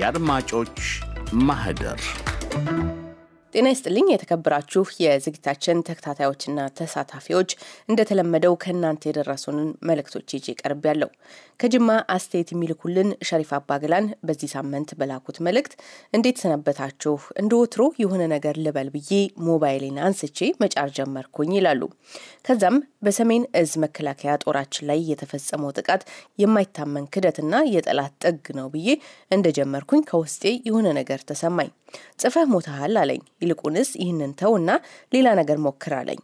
የአድማጮች ማህደር ጤና ይስጥልኝ የተከበራችሁ የዝግጅታችን ተከታታዮችና ተሳታፊዎች፣ እንደተለመደው ከእናንተ የደረሱንን መልእክቶች ይዤ ቀርብ ያለው ከጅማ አስተያየት የሚልኩልን ሸሪፍ አባግላን በዚህ ሳምንት በላኩት መልእክት እንዴት ሰነበታችሁ? እንደ ወትሮ የሆነ ነገር ልበል ብዬ ሞባይሌን አንስቼ መጫር ጀመርኩኝ ይላሉ። ከዛም በሰሜን እዝ መከላከያ ጦራችን ላይ የተፈጸመው ጥቃት የማይታመን ክደትና የጠላት ጥግ ነው ብዬ እንደጀመርኩኝ ከውስጤ የሆነ ነገር ተሰማኝ። ጽፈህ ሞታሃል አለኝ ይልቁንስ ይህንን ተውና ሌላ ነገር ሞክር አለኝ።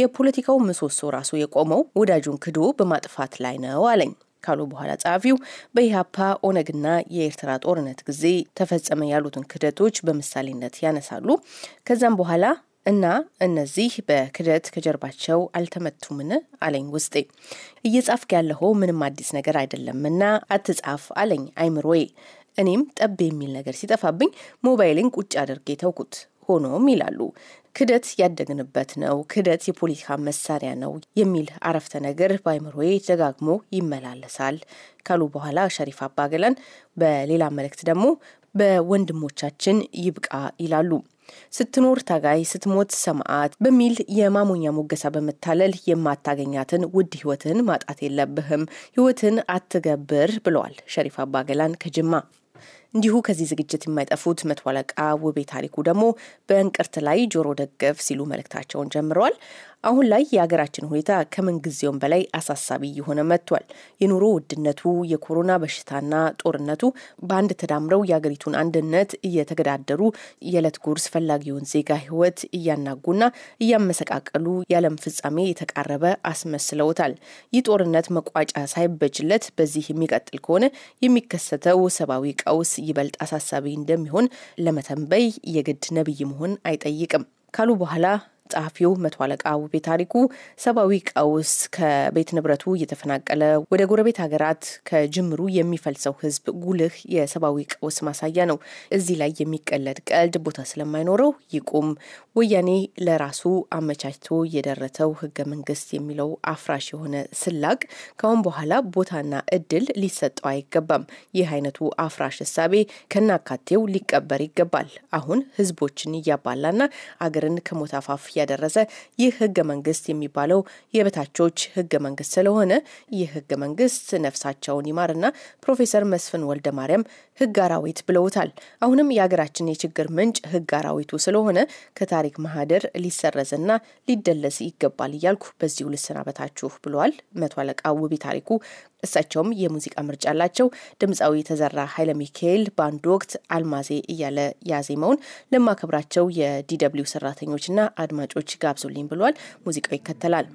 የፖለቲካው ምሰሶ ራሱ የቆመው ወዳጁን ክዶ በማጥፋት ላይ ነው አለኝ ካሉ በኋላ ጸሐፊው በኢህአፓ ኦነግና የኤርትራ ጦርነት ጊዜ ተፈጸመ ያሉትን ክደቶች በምሳሌነት ያነሳሉ። ከዛም በኋላ እና እነዚህ በክደት ከጀርባቸው አልተመቱምን አለኝ ውስጤ። እየጻፍክ ያለኸው ምንም አዲስ ነገር አይደለምና አትጻፍ አለኝ አይምሮዬ። እኔም ጠብ የሚል ነገር ሲጠፋብኝ ሞባይልን ቁጭ አድርጌ ተውኩት። ሆኖም ይላሉ ክደት ያደግንበት ነው፣ ክደት የፖለቲካ መሳሪያ ነው የሚል አረፍተ ነገር በአይምሮዬ ደጋግሞ ይመላለሳል ካሉ በኋላ ሸሪፍ አባገላን በሌላ መልእክት ደግሞ በወንድሞቻችን ይብቃ ይላሉ። ስትኖር ታጋይ ስትሞት ሰማዕት በሚል የማሞኛ ሞገሳ በመታለል የማታገኛትን ውድ ህይወትን ማጣት የለብህም ህይወትን አትገብር ብለዋል ሸሪፍ አባገላን ከጅማ። እንዲሁ ከዚህ ዝግጅት የማይጠፉት መቶ አለቃ ውቤ ታሪኩ ደግሞ በእንቅርት ላይ ጆሮ ደገፍ ሲሉ መልእክታቸውን ጀምረዋል። አሁን ላይ የሀገራችን ሁኔታ ከምንጊዜውም በላይ አሳሳቢ እየሆነ መጥቷል። የኑሮ ውድነቱ፣ የኮሮና በሽታና ጦርነቱ በአንድ ተዳምረው የሀገሪቱን አንድነት እየተገዳደሩ የዕለት ጉርስ ፈላጊውን ዜጋ ሕይወት እያናጉና እያመሰቃቀሉ የዓለም ፍጻሜ የተቃረበ አስመስለውታል። ይህ ጦርነት መቋጫ ሳይበጅለት በዚህ የሚቀጥል ከሆነ የሚከሰተው ሰብአዊ ቀውስ ይበልጥ አሳሳቢ እንደሚሆን ለመተንበይ የግድ ነቢይ መሆን አይጠይቅም ካሉ በኋላ ጸሐፊው መቶ አለቃ ውቤ ታሪኩ ሰብአዊ ቀውስ ከቤት ንብረቱ እየተፈናቀለ ወደ ጎረቤት ሀገራት ከጅምሩ የሚፈልሰው ህዝብ ጉልህ የሰብአዊ ቀውስ ማሳያ ነው። እዚህ ላይ የሚቀለድ ቀልድ ቦታ ስለማይኖረው ይቁም። ወያኔ ለራሱ አመቻችቶ የደረተው ህገ መንግስት የሚለው አፍራሽ የሆነ ስላቅ ካሁን በኋላ ቦታና እድል ሊሰጠው አይገባም። ይህ አይነቱ አፍራሽ እሳቤ ከናካቴው ሊቀበር ይገባል። አሁን ህዝቦችን እያባላና አገርን ከሞት አፋፍ እያደረሰ ይህ ህገ መንግስት የሚባለው የበታቾች ህገ መንግስት ስለሆነ ይህ ህገ መንግስት ነፍሳቸውን ይማርና ፕሮፌሰር መስፍን ወልደ ማርያም ህግ አራዊት ብለውታል። አሁንም የሀገራችን የችግር ምንጭ ህግ አራዊቱ ስለሆነ ከታሪክ ማህደር ሊሰረዝና ሊደለስ ይገባል እያልኩ በዚሁ ልሰናበታችሁ ብለዋል መቶ አለቃ ውቢ ታሪኩ እሳቸውም የሙዚቃ ምርጫ አላቸው። ድምፃዊ ተዘራ ኃይለ ሚካኤል በአንድ ወቅት አልማዜ እያለ ያዜመውን ለማከብራቸው የዲደብሊው ሰራተኞችና አድማጮች ጋብዙልኝ ብሏል። ሙዚቃው ይከተላል።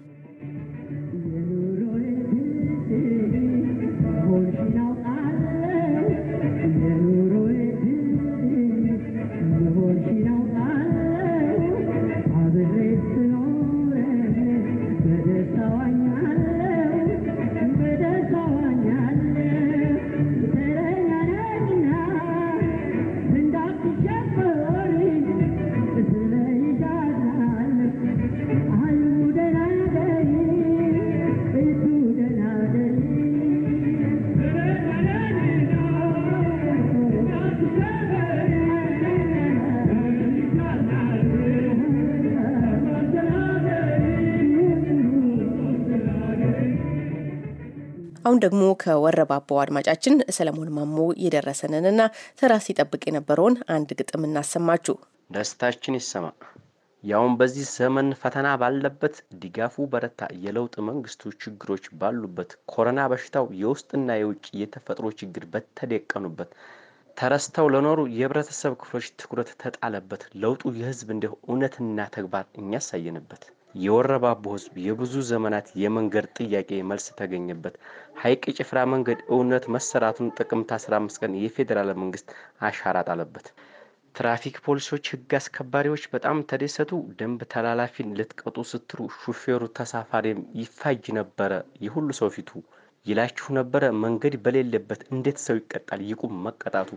አሁን ደግሞ ከወረባቦው አድማጫችን ሰለሞን ማሞ የደረሰንንና ተራ ሲጠብቅ የነበረውን አንድ ግጥም እናሰማችሁ። ደስታችን ይሰማ። ያውም በዚህ ዘመን ፈተና ባለበት ድጋፉ በረታ። የለውጥ መንግስቱ ችግሮች ባሉበት ኮሮና በሽታው የውስጥና የውጭ የተፈጥሮ ችግር በተደቀኑበት ተረስተው ለኖሩ የህብረተሰብ ክፍሎች ትኩረት ተጣለበት። ለውጡ የህዝብ እንዲሁ እውነትና ተግባር እኛሳየንበት የወረባቦ ህዝብ የብዙ ዘመናት የመንገድ ጥያቄ መልስ ተገኘበት። ሀይቅ ጭፍራ መንገድ እውነት መሰራቱን ጥቅምት 15 ቀን የፌዴራል መንግስት አሻራ ጣለበት። ትራፊክ ፖሊሶች፣ ህግ አስከባሪዎች በጣም ተደሰቱ። ደንብ ተላላፊን ልትቀጡ ስትሉ ሹፌሩ ተሳፋሪም ይፋጅ ነበረ፣ የሁሉ ሰው ፊቱ ይላችሁ ነበረ። መንገድ በሌለበት እንዴት ሰው ይቀጣል? ይቁም መቀጣቱ።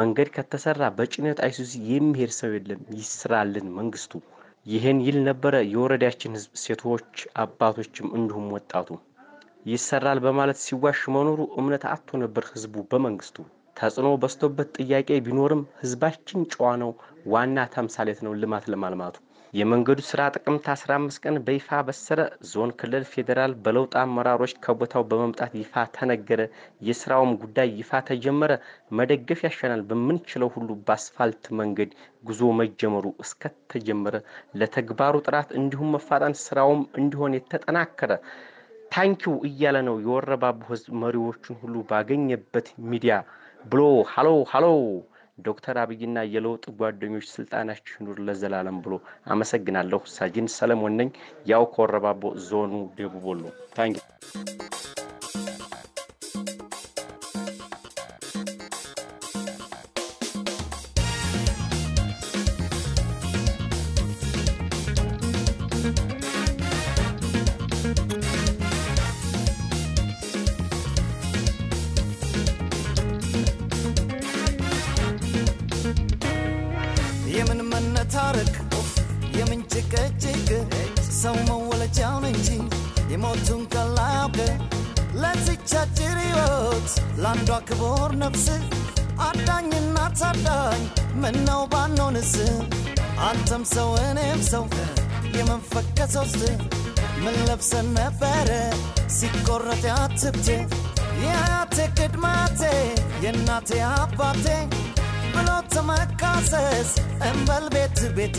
መንገድ ከተሰራ በጭነት አይሱዚ የሚሄድ ሰው የለም። ይስራልን መንግስቱ ይህን ይል ነበረ የወረዳችን ህዝብ ሴቶች፣ አባቶችም እንዲሁም ወጣቱ ይሰራል በማለት ሲዋሽ መኖሩ እምነት አጥቶ ነበር ህዝቡ በመንግስቱ ተጽዕኖ በስቶበት ጥያቄ ቢኖርም ህዝባችን ጨዋ ነው፣ ዋና ተምሳሌት ነው ልማት ለማልማቱ የመንገዱ ስራ ጥቅምት 15 ቀን በይፋ በሰረ። ዞን፣ ክልል፣ ፌዴራል በለውጥ አመራሮች ከቦታው በመምጣት ይፋ ተነገረ። የስራውም ጉዳይ ይፋ ተጀመረ። መደገፍ ያሻናል። በምንችለው ሁሉ በአስፋልት መንገድ ጉዞ መጀመሩ እስከተጀመረ ለተግባሩ ጥራት እንዲሁም መፋጣን ስራውም እንዲሆን የተጠናከረ ታንኪው እያለ ነው የወረባቡ ህዝብ መሪዎቹን ሁሉ ባገኘበት ሚዲያ ብሎ ሀሎ ሀሎ ዶክተር አብይና የለውጥ ጓደኞች ስልጣናችሁ ይኑር ለዘላለም ብሎ አመሰግናለሁ። ሳጅን ሰለሞን ነኝ። ያው ከወረባቦ ዞኑ ደቡብ ወሎ ታንኪ የምን መነታረክ የምን ጭቅጭቅ ሰው መወለጃውን እንጂ የሞቱን ቀላ ያውቅ ለዚች አጭር ሕይወት ለአንዷ ክቡር ነፍስ አዳኝና ታዳኝ ምነው ባኖንስ አንተም ሰው እኔም ሰው የመንፈቀሰ ውስጥ ምን ለብሰ ነበረ ሲቆረጥ ያትብቴ የአያቴ ቅድማቴ የእናቴ አባቴ pull out of my causes and well bit to bit.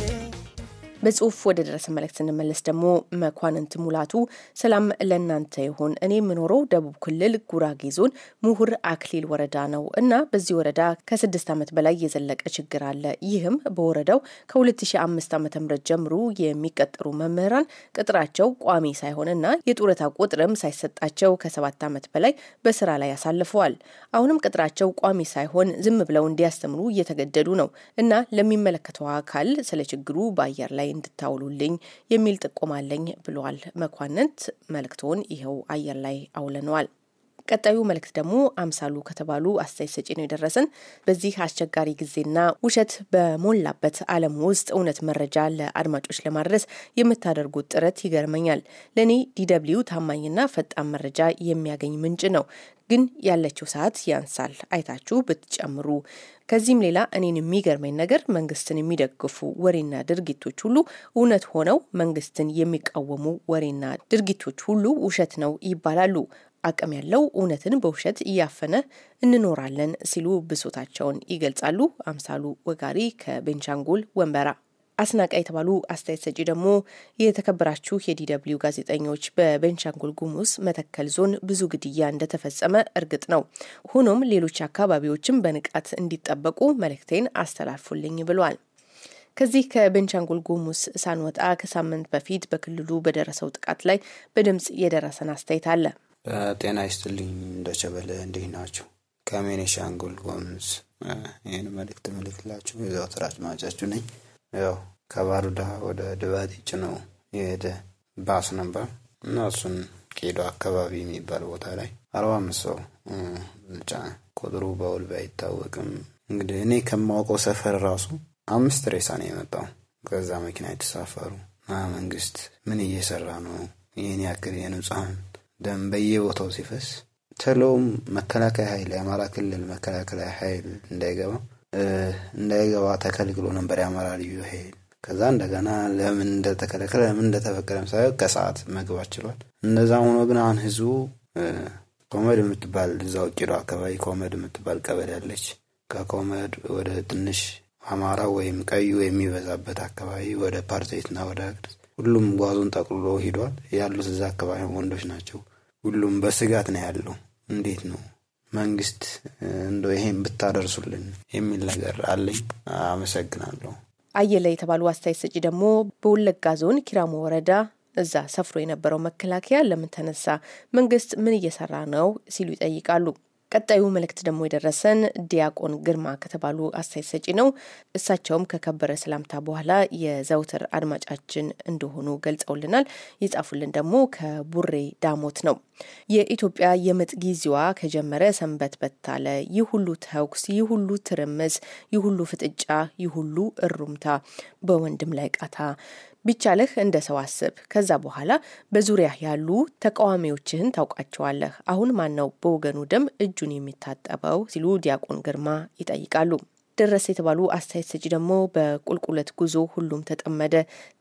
በጽሁፍ ወደ ደረሰ መልእክት ስንመለስ ደግሞ መኳንንት ሙላቱ ሰላም ለእናንተ ይሁን። እኔ የምኖረው ደቡብ ክልል ጉራጌ ዞን ምሁር አክሊል ወረዳ ነው እና በዚህ ወረዳ ከስድስት ዓመት በላይ የዘለቀ ችግር አለ። ይህም በወረዳው ከ2005 ዓ ም ጀምሮ የሚቀጠሩ መምህራን ቅጥራቸው ቋሚ ሳይሆንና የጡረታ ቁጥርም ሳይሰጣቸው ከሰባት ዓመት በላይ በስራ ላይ አሳልፈዋል። አሁንም ቅጥራቸው ቋሚ ሳይሆን ዝም ብለው እንዲያስተምሩ እየተገደዱ ነው እና ለሚመለከተው አካል ስለ ችግሩ በአየር ላይ እንድታውሉልኝ የሚል ጥቆማለኝ ብሏል መኳንንት። መልእክቶን ይኸው አየር ላይ አውለነዋል። ቀጣዩ መልእክት ደግሞ አምሳሉ ከተባሉ አስተያየት ሰጪ ነው የደረሰን። በዚህ አስቸጋሪ ጊዜና ውሸት በሞላበት ዓለም ውስጥ እውነት መረጃ ለአድማጮች ለማድረስ የምታደርጉት ጥረት ይገርመኛል። ለእኔ ዲደብልዩ ታማኝና ፈጣን መረጃ የሚያገኝ ምንጭ ነው ግን ያለችው ሰዓት ያንሳል። አይታችሁ ብትጨምሩ። ከዚህም ሌላ እኔን የሚገርመኝ ነገር መንግስትን የሚደግፉ ወሬና ድርጊቶች ሁሉ እውነት ሆነው መንግስትን የሚቃወሙ ወሬና ድርጊቶች ሁሉ ውሸት ነው ይባላሉ። አቅም ያለው እውነትን በውሸት እያፈነ እንኖራለን ሲሉ ብሶታቸውን ይገልጻሉ። አምሳሉ ወጋሪ ከቤንቻንጉል ወንበራ አስናቃ የተባሉ አስተያየት ሰጪ ደግሞ የተከበራችሁ የዲደብሊው ጋዜጠኞች በቤንሻንጉል ጉሙዝ መተከል ዞን ብዙ ግድያ እንደተፈጸመ እርግጥ ነው። ሆኖም ሌሎች አካባቢዎችም በንቃት እንዲጠበቁ መልእክቴን አስተላልፉልኝ ብሏል። ከዚህ ከቤንሻንጉል ጉሙዝ ሳንወጣ ከሳምንት በፊት በክልሉ በደረሰው ጥቃት ላይ በድምጽ የደረሰን አስተያየት አለ። ጤና ይስጥልኝ እንደቸበለ እንዲህ ናቸው። ከቤኒሻንጉል ጉሙዝ ይህን መልእክት ምልክላችሁ የዘወትር አድማጫችሁ ነኝ። ያው ከባሩዳ ወደ ድባቲ ነው የሄደ ባስ ነበር እና እሱን ቄዶ አካባቢ የሚባል ቦታ ላይ አርባ አምስት ሰው ጫነ። ቁጥሩ በውል ባይታወቅም እንግዲህ እኔ ከማውቀው ሰፈር ራሱ አምስት ሬሳ ነው የመጣው ከዛ መኪና የተሳፈሩ። መንግስት ምን እየሰራ ነው? ይህን ያክል የንጹሐን ደም በየቦታው ሲፈስ ተለውም መከላከያ ኃይል የአማራ ክልል መከላከያ ኃይል እንዳይገባ እንዳይገባ ተከልክሎ ነበር የአማራ ልዩ ኃይል። ከዛ እንደገና ለምን እንደተከለከለ ለምን እንደተፈቀደም ሳይሆን ከሰዓት መግባት ችሏል። እነዛ ሆኖ ግን አሁን ህዝቡ ኮመድ የምትባል እዛው ቂዶ አካባቢ ኮመድ የምትባል ቀበሌ ያለች ከኮመድ ወደ ትንሽ አማራ ወይም ቀዩ የሚበዛበት አካባቢ ወደ ፓርቴትና ወደ ሁሉም ጓዙን ጠቅሎ ሂዷል። ያሉት እዛ አካባቢ ወንዶች ናቸው። ሁሉም በስጋት ነው ያለው። እንዴት ነው መንግስት እንደ ይሄን ብታደርሱልን የሚል ነገር አለኝ። አመሰግናለሁ። አየለ የተባሉ አስተያየት ሰጪ ደግሞ በወለጋ ዞን ኪራሞ ወረዳ እዛ ሰፍሮ የነበረው መከላከያ ለምን ተነሳ? መንግስት ምን እየሰራ ነው? ሲሉ ይጠይቃሉ። ቀጣዩ መልእክት ደግሞ የደረሰን ዲያቆን ግርማ ከተባሉ አስተያየት ሰጪ ነው። እሳቸውም ከከበረ ሰላምታ በኋላ የዘውትር አድማጫችን እንደሆኑ ገልጸውልናል። የጻፉልን ደግሞ ከቡሬ ዳሞት ነው። የኢትዮጵያ የምጥ ጊዜዋ ከጀመረ ሰንበት በታለ። ይህ ሁሉ ተኩስ፣ ይህ ሁሉ ትርምስ፣ ይህ ሁሉ ፍጥጫ፣ ይህ ሁሉ እሩምታ፣ በወንድም ላይ ቃታ ቢቻለህ እንደ ሰው አስብ። ከዛ በኋላ በዙሪያ ያሉ ተቃዋሚዎችህን ታውቃቸዋለህ። አሁን ማነው በወገኑ ደም እጁን የሚታጠበው ሲሉ ዲያቆን ግርማ ይጠይቃሉ። ደረሰ የተባሉ አስተያየት ሰጪ ደግሞ በቁልቁለት ጉዞ ሁሉም ተጠመደ፣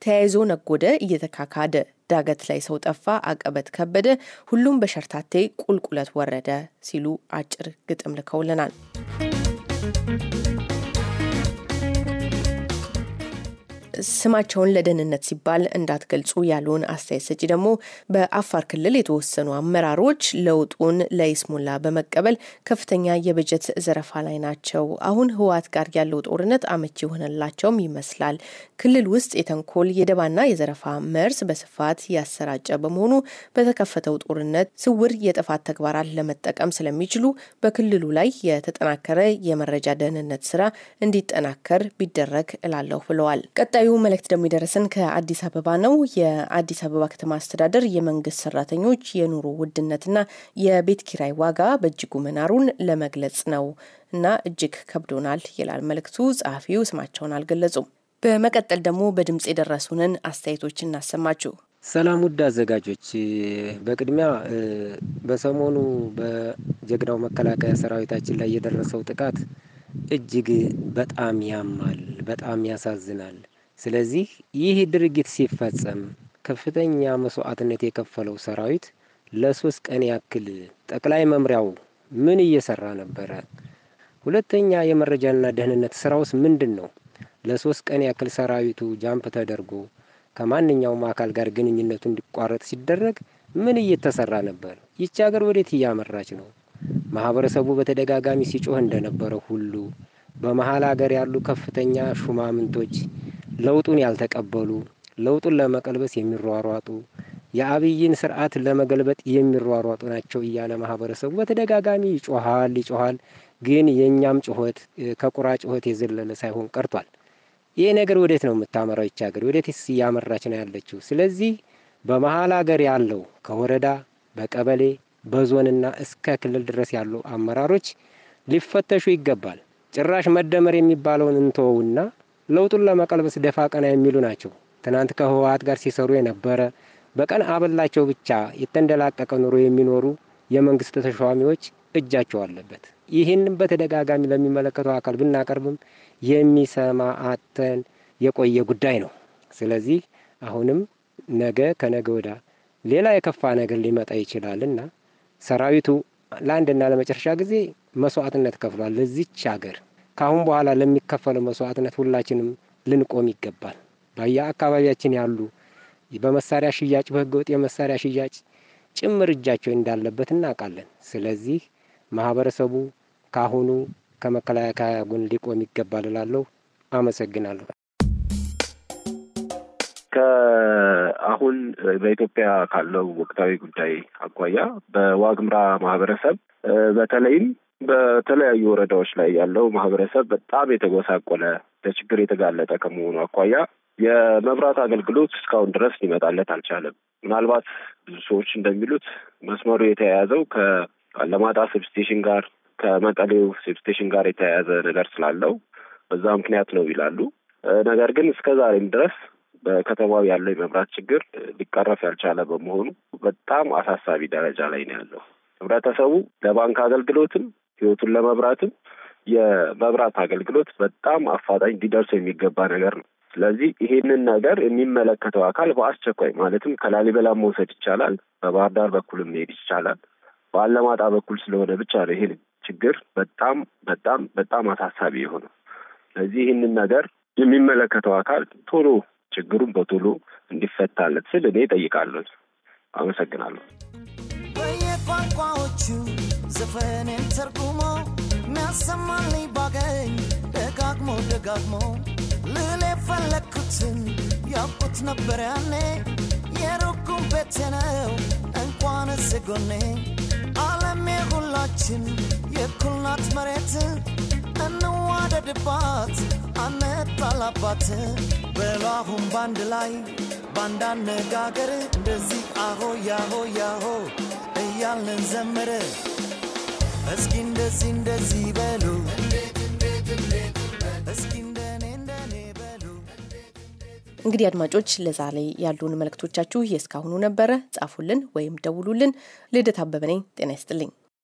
ተያይዞ ነጎደ፣ እየተካካደ ዳገት ላይ ሰው ጠፋ፣ አቀበት ከበደ፣ ሁሉም በሸርታቴ ቁልቁለት ወረደ ሲሉ አጭር ግጥም ልከውልናል። ስማቸውን ለደህንነት ሲባል እንዳትገልጹ ያሉን አስተያየት ሰጪ ደግሞ በአፋር ክልል የተወሰኑ አመራሮች ለውጡን ለይስሙላ በመቀበል ከፍተኛ የበጀት ዘረፋ ላይ ናቸው። አሁን ህወሓት ጋር ያለው ጦርነት አመቺ የሆነላቸውም ይመስላል። ክልል ውስጥ የተንኮል የደባና የዘረፋ መርስ በስፋት ያሰራጨ በመሆኑ በተከፈተው ጦርነት ስውር የጥፋት ተግባራት ለመጠቀም ስለሚችሉ በክልሉ ላይ የተጠናከረ የመረጃ ደህንነት ስራ እንዲጠናከር ቢደረግ እላለሁ ብለዋል። ቀጣዩ ቀሪው መልእክት ደግሞ የደረሰን ከአዲስ አበባ ነው። የአዲስ አበባ ከተማ አስተዳደር የመንግስት ሰራተኞች የኑሮ ውድነትና የቤት ኪራይ ዋጋ በእጅጉ መናሩን ለመግለጽ ነው እና እጅግ ከብዶናል ይላል መልእክቱ። ጸሐፊው ስማቸውን አልገለጹም። በመቀጠል ደግሞ በድምፅ የደረሱንን አስተያየቶች እናሰማችሁ። ሰላም ውድ አዘጋጆች፣ በቅድሚያ በሰሞኑ በጀግናው መከላከያ ሰራዊታችን ላይ የደረሰው ጥቃት እጅግ በጣም ያማል፣ በጣም ያሳዝናል። ስለዚህ ይህ ድርጊት ሲፈጸም ከፍተኛ መስዋዕትነት የከፈለው ሰራዊት ለሶስት ቀን ያክል ጠቅላይ መምሪያው ምን እየሰራ ነበረ? ሁለተኛ የመረጃና ደህንነት ስራውስ ምንድን ነው? ለሶስት ቀን ያክል ሰራዊቱ ጃምፕ ተደርጎ ከማንኛውም አካል ጋር ግንኙነቱ እንዲቋረጥ ሲደረግ ምን እየተሰራ ነበር? ይቺ ሀገር ወዴት እያመራች ነው? ማህበረሰቡ በተደጋጋሚ ሲጮህ እንደነበረ ሁሉ በመሀል ሀገር ያሉ ከፍተኛ ሹማምንቶች ለውጡን ያልተቀበሉ፣ ለውጡን ለመቀልበስ የሚሯሯጡ፣ የአብይን ስርዓት ለመገልበጥ የሚሯሯጡ ናቸው እያለ ማህበረሰቡ በተደጋጋሚ ይጮሃል ይጮሃል። ግን የእኛም ጩኸት ከቁራ ጩኸት የዘለለ ሳይሆን ቀርቷል። ይህ ነገር ወዴት ነው የምታመራው? ይች ሀገር ወዴትስ እያመራች ነው ያለችው? ስለዚህ በመሀል ሀገር ያለው ከወረዳ በቀበሌ በዞንና እስከ ክልል ድረስ ያሉ አመራሮች ሊፈተሹ ይገባል። ጭራሽ መደመር የሚባለውን እንተወውና ለውጡን ለመቀልበስ ደፋ ቀና የሚሉ ናቸው። ትናንት ከህወሀት ጋር ሲሰሩ የነበረ በቀን አበላቸው ብቻ የተንደላቀቀ ኑሮ የሚኖሩ የመንግስት ተሿሚዎች እጃቸው አለበት። ይህንም በተደጋጋሚ ለሚመለከተው አካል ብናቀርብም የሚሰማ አተን የቆየ ጉዳይ ነው። ስለዚህ አሁንም ነገ ከነገ ወዳ ሌላ የከፋ ነገር ሊመጣ ይችላልና ሰራዊቱ ለአንድና ለመጨረሻ ጊዜ መስዋዕትነት ከፍሏል ለዚች ሀገር። ከአሁን በኋላ ለሚከፈለው መስዋዕትነት ሁላችንም ልንቆም ይገባል። በየአካባቢያችን ያሉ በመሳሪያ ሽያጭ በህገወጥ የመሳሪያ ሽያጭ ጭምር እጃቸው እንዳለበት እናውቃለን። ስለዚህ ማህበረሰቡ ካሁኑ ከመከላከያ ጎን ሊቆም ይገባል እላለሁ። አመሰግናለሁ። ከአሁን በኢትዮጵያ ካለው ወቅታዊ ጉዳይ አኳያ በዋግምራ ማህበረሰብ በተለይም በተለያዩ ወረዳዎች ላይ ያለው ማህበረሰብ በጣም የተጎሳቆለ ለችግር የተጋለጠ ከመሆኑ አኳያ የመብራት አገልግሎት እስካሁን ድረስ ሊመጣለት አልቻለም። ምናልባት ብዙ ሰዎች እንደሚሉት መስመሩ የተያያዘው ከአለማጣ ሴብስቴሽን ጋር ከመቀሌው ሴብስቴሽን ጋር የተያያዘ ነገር ስላለው በዛ ምክንያት ነው ይላሉ። ነገር ግን እስከ ዛሬም ድረስ በከተማው ያለው የመብራት ችግር ሊቀረፍ ያልቻለ በመሆኑ በጣም አሳሳቢ ደረጃ ላይ ነው ያለው። ህብረተሰቡ ለባንክ አገልግሎትም ህይወቱን ለመብራትም የመብራት አገልግሎት በጣም አፋጣኝ ሊደርስ የሚገባ ነገር ነው። ስለዚህ ይህንን ነገር የሚመለከተው አካል በአስቸኳይ ማለትም ከላሊበላ መውሰድ ይቻላል፣ በባህር ዳር በኩልም መሄድ ይቻላል። በአለማጣ በኩል ስለሆነ ብቻ ነው ይሄን ችግር በጣም በጣም በጣም አሳሳቢ የሆነው። ስለዚህ ይህንን ነገር የሚመለከተው አካል ቶሎ ችግሩን በቶሎ እንዲፈታለት ስል እኔ እጠይቃለሁ። አመሰግናለሁ። አፌኔን ተርጉሞ ሚያሰማልኝ ባገኝ ደጋግሞ ደጋግሞ ልል የፈለግኩትን ያውቁት ነበር ያኔ የሩቁም ቤቴ ነው እንኳን እዚህ ጎኔ ዓለም የሁላችን የኩልናት መሬት እንዋደድባት አነጣላባት በሉ አሁን ባንድ ላይ ባንድ አነጋገር እንደዚህ አሆ ያሆ ያሆ እያልን ዘምር እስኪ እንደዚህ እንደዚህ በሉ እስኪ በሉ እንግዲህ አድማጮች ላይ ያሉን መልእክቶቻችሁ የእስካሁኑ ነበረ ጻፉልን ወይም ደውሉልን ልደት አበበ ነኝ ጤና ይስጥልኝ